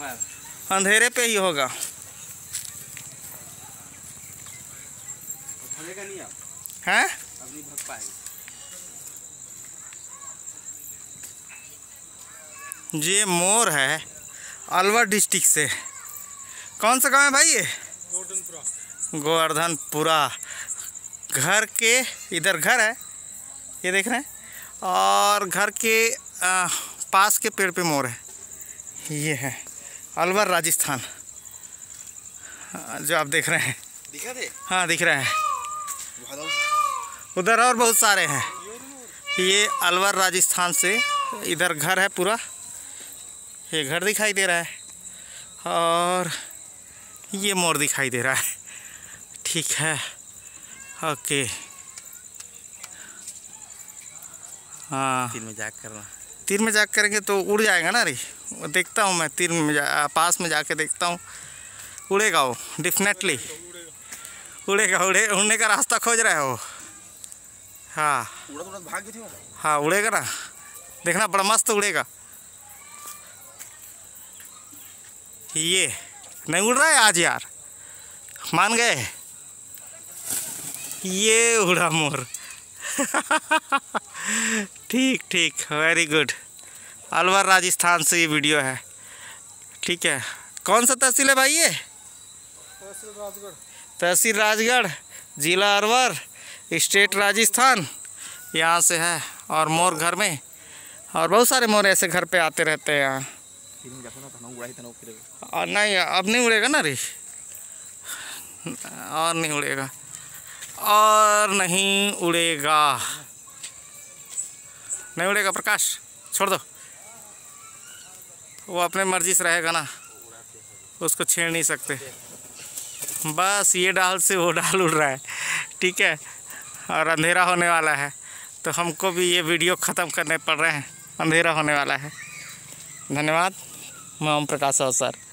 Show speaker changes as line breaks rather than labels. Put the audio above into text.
अंधेरे पे ही होगा नहीं अब हैं नहीं मोर है अलवर डिस्ट्रिक्ट से कौन सा गांव है भाई ये गोवर्धनपुरा गोवर्धनपुरा घर के इधर घर है ये देख रहे हैं और घर के आ, पास के पेड़ पे मोर है ये है अलवर राजस्थान जो आप देख रहे हैं दिखा हाँ दिख रहे हैं उधर और बहुत सारे हैं ये अलवर राजस्थान से इधर घर है पूरा ये घर दिखाई दे रहा है और ये मोर दिखाई दे रहा है ठीक है ओके हाँ फिर मजाक करना तीर में जा करेंगे तो उड़ जाएगा ना अरे देखता हूँ मैं तीर में जा पास में जाके देखता हूँ उड़ेगा वो डेफिनेटली उड़ेगा उड़े उड़ने का रास्ता खोज रहा है वो हाँ हाँ उड़ेगा ना देखना बड़ा मस्त उड़ेगा ये नहीं उड़ रहा है आज यार मान गए ये उड़ा मोर ठीक ठीक वेरी गुड अलवर राजस्थान से ये वीडियो है ठीक है कौन सा तहसील है भाई ये तहसील राजगढ़ तहसील राजगढ़ जिला अलवर स्टेट राजस्थान यहाँ से है और मोर घर में और बहुत सारे मोर ऐसे घर पे आते रहते हैं यहाँ और नहीं अब नहीं उड़ेगा ना रे और नहीं उड़ेगा और नहीं उड़ेगा नहीं उड़ेगा प्रकाश छोड़ दो वो अपने मर्जी से रहेगा ना उसको छेड़ नहीं सकते बस ये डाल से वो डाल उड़ रहा है ठीक है और अंधेरा होने वाला है तो हमको भी ये वीडियो ख़त्म करने पड़ रहे हैं अंधेरा होने वाला है धन्यवाद मैं ओम प्रकाश अवसर